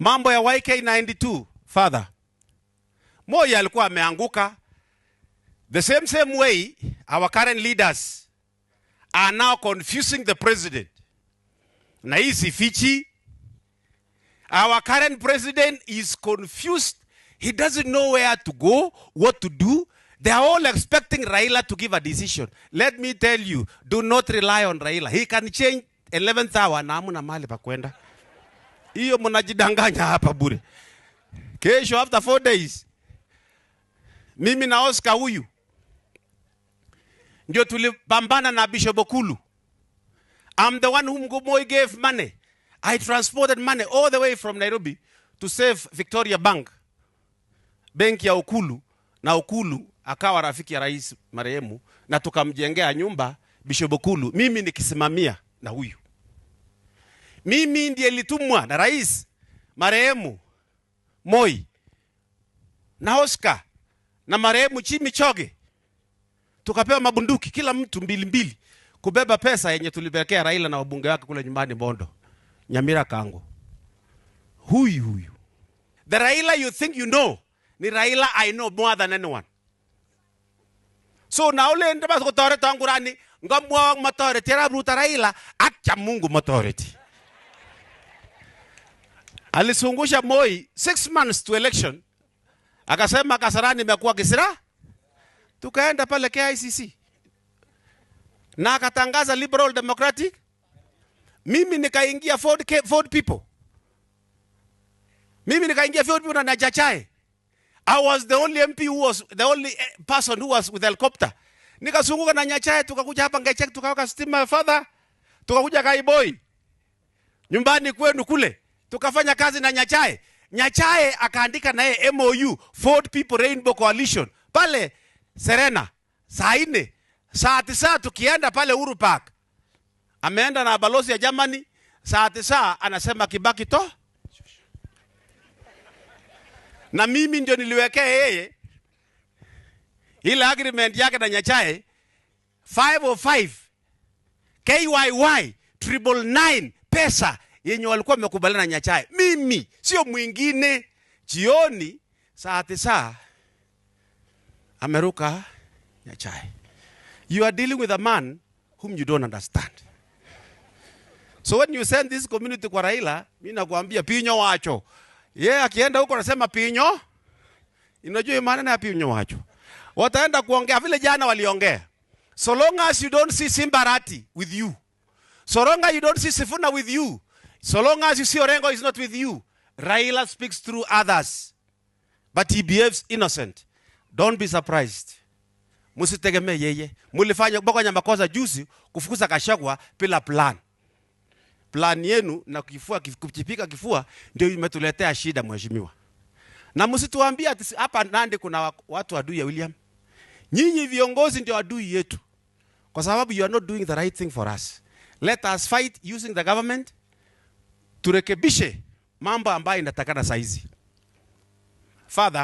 mambo ya YK92 father moya alikuwa ameanguka the same same way our current leaders are now confusing the president na hii sifichi our current president is confused he doesn't know where to go what to do they are all expecting raila to give a decision let me tell you do not rely on raila he can change 11th hour na amuna mali pa kwenda hiyo mnajidanganya hapa bure. Kesho after four days mimi na Oscar huyu ndio tulipambana na Bishop Okulu. I'm the one whom Gumoi gave money. I transported money all the way from Nairobi to save Victoria Bank, benki ya Okulu, na Okulu akawa rafiki ya rais marehemu, na tukamjengea nyumba Bishop Okulu, mimi nikisimamia na huyu mimi ndiye nilitumwa na rais marehemu Moi na Oscar na marehemu Jimmy Choge, tukapewa mabunduki kila mtu mbili mbili kubeba pesa yenye tulipelekea Raila na wabunge wake kule nyumbani Bondo, Nyamira Kango. Huyu huyu the Raila you think you know ni Raila I know more than anyone. So na ule ndabas kotoreta ngurani ngamwa matoreti rabuta Raila acha Mungu matoreti Alisungusha Moi six months to election, akasema Kasarani imekuwa kisira, tukaenda pale KICC na akatangaza liberal democratic. Mimi nikaingia Ford, Ford people, mimi nikaingia Ford people na Najachae. I was the only MP who was the only eh, person who was with helicopter. Nikasunguka na Nyachae tukakuja hapa Ngechek tukaweka stima father tukakuja Kaiboi nyumbani kwenu kule tukafanya kazi na Nyachae. Nyachae akaandika naye MOU Ford People Rainbow Coalition pale Serena saa nne saa tisa tukienda pale Uhuru Park, ameenda na balozi ya Germany saa tisa, anasema Kibaki to na mimi ndio niliwekea yeye ile agreement yake na Nyachae 505 KYY triple 9 pesa yenye walikuwa wamekubaliana na Nyachae, mimi sio mwingine. Jioni saa tisa ameruka Nyachae. You are dealing with a man whom you don't understand. So when you send this community kwa Raila, mimi nakwambia pinyo wacho. Yeye yeah, akienda huko anasema pinyo. Inajua Unajua maana ya pinyo wacho. Wataenda kuongea vile jana waliongea. So long as you don't see Simbarati with you. So long as you don't see Sifuna with you. So long as you see Orengo is not with you, Raila speaks through others, but he behaves innocent. Don't be surprised. Msitegemee yeye. Mulifanya Bokanya makosa juzi kufukuza Kashagwa bila plan. Plan yenu na kifua kuchipika kifua ndio imetuletea shida, mheshimiwa. Na msituambie ati hapa Nandi kuna watu adui ya William. Nyinyi viongozi ndio adui yetu, kwa sababu you are not doing the right thing for us. Let us fight using the government turekebishe mambo ambayo inatakana saizi. Father,